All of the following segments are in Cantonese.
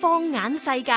放眼世界，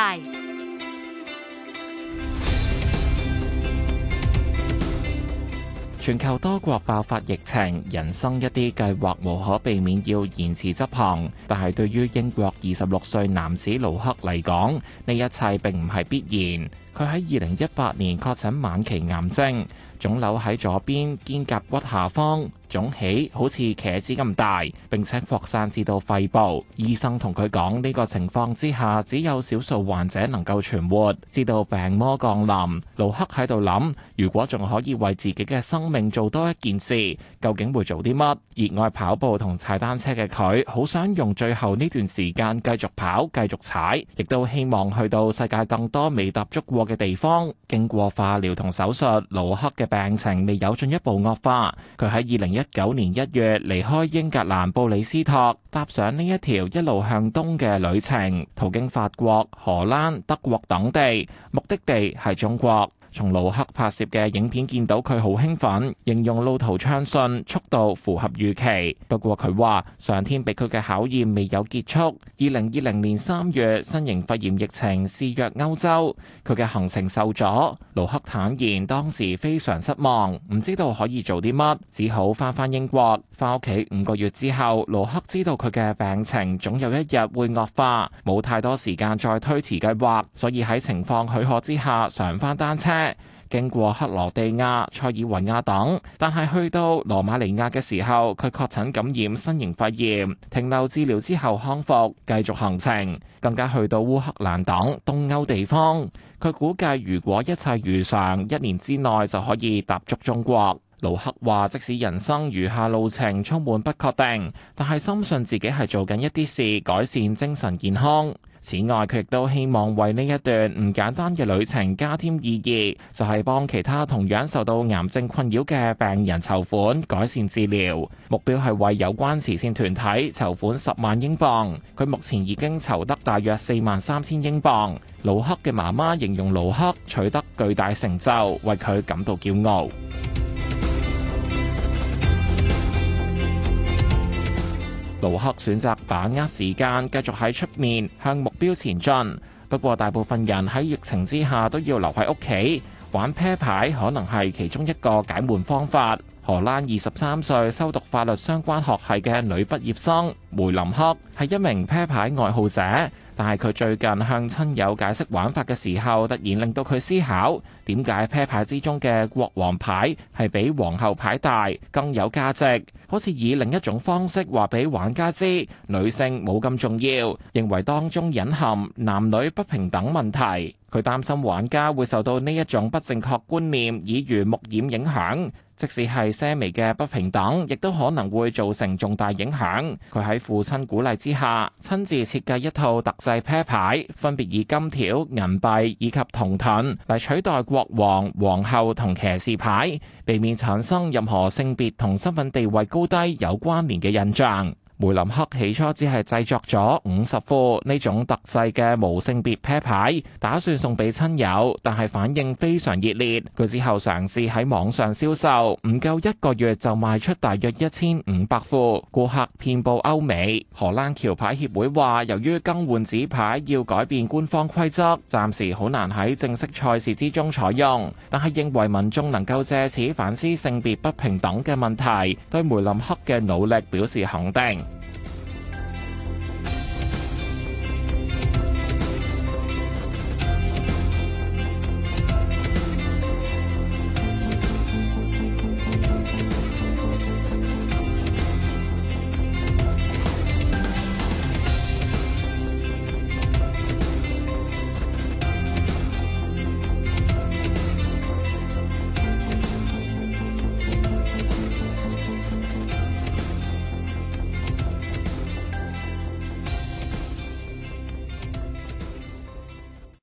全球多國爆發疫情，人生一啲計劃無可避免要延遲執行。但係對於英國二十六歲男子盧克嚟講，呢一切並唔係必然。佢喺二零一八年確診晚期癌症，腫瘤喺左邊，肩胛骨下方。湧起好似茄子咁大，並且擴散至到肺部。醫生同佢講，呢個情況之下，只有少數患者能夠存活。知道病魔降臨，盧克喺度諗：如果仲可以為自己嘅生命做多一件事，究竟會做啲乜？熱愛跑步同踩單車嘅佢，好想用最後呢段時間繼續跑，繼續踩，亦都希望去到世界更多未踏足過嘅地方。經過化療同手術，盧克嘅病情未有進一步惡化。佢喺二零一九年一月離開英格蘭布里斯托，踏上呢一條一路向東嘅旅程，途經法國、荷蘭、德國等地，目的地係中國。從盧克拍攝嘅影片見到佢好興奮，形容路途暢順，速度符合預期。不過佢話上天俾佢嘅考驗未有結束。二零二零年三月新型肺炎疫情肆虐歐洲，佢嘅行程受阻。盧克坦言當時非常失望，唔知道可以做啲乜，只好返返英國，返屋企五個月之後，盧克知道佢嘅病情總有一日會惡化，冇太多時間再推遲計劃，所以喺情況許可之下，上翻單車。經過克羅地亞、塞爾維亞等，但係去到羅馬尼亞嘅時候，佢確診感染新型肺炎，停留治療之後康復，繼續行程，更加去到烏克蘭等東歐地方。佢估計如果一切如常，一年之內就可以踏足中國。盧克話：即使人生餘下路程充滿不確定，但係深信自己係做緊一啲事，改善精神健康。此外，佢亦都希望為呢一段唔簡單嘅旅程加添意義，就係幫其他同樣受到癌症困擾嘅病人籌款改善治療。目標係為有關慈善團體籌款十萬英鎊，佢目前已經籌得大約四萬三千英鎊。盧克嘅媽媽形容盧克取得巨大成就，為佢感到驕傲。盧克選擇把握時間，繼續喺出面向目標前進。不過，大部分人喺疫情之下都要留喺屋企，玩啤牌可能係其中一個解悶方法。荷蘭二十三歲，修讀法律相關學系嘅女畢業生梅林克係一名啤牌愛好者，但係佢最近向親友解釋玩法嘅時候，突然令到佢思考點解啤牌之中嘅國王牌係比皇后牌大、更有價值，好似以另一種方式話俾玩家知女性冇咁重要，認為當中隱含男女不平等問題。佢擔心玩家會受到呢一種不正確觀念耳濡目染影響。即使係些微嘅不平等，亦都可能會造成重大影響。佢喺父親鼓勵之下，親自設計一套特製啤牌，分別以金條、銀幣以及銅盾嚟取代國王、皇后同騎士牌，避免產生任何性別同身份地位高低有關聯嘅印象。梅林克起初只係製作咗五十副呢種特製嘅無性別啤牌，打算送俾親友，但係反應非常熱烈。佢之後嘗試喺網上銷售，唔夠一個月就賣出大約一千五百副，顧客遍布歐美。荷蘭橋牌協會話，由於更換紙牌要改變官方規則，暫時好難喺正式賽事之中採用，但係認為民眾能夠借此反思性別不平等嘅問題，對梅林克嘅努力表示肯定。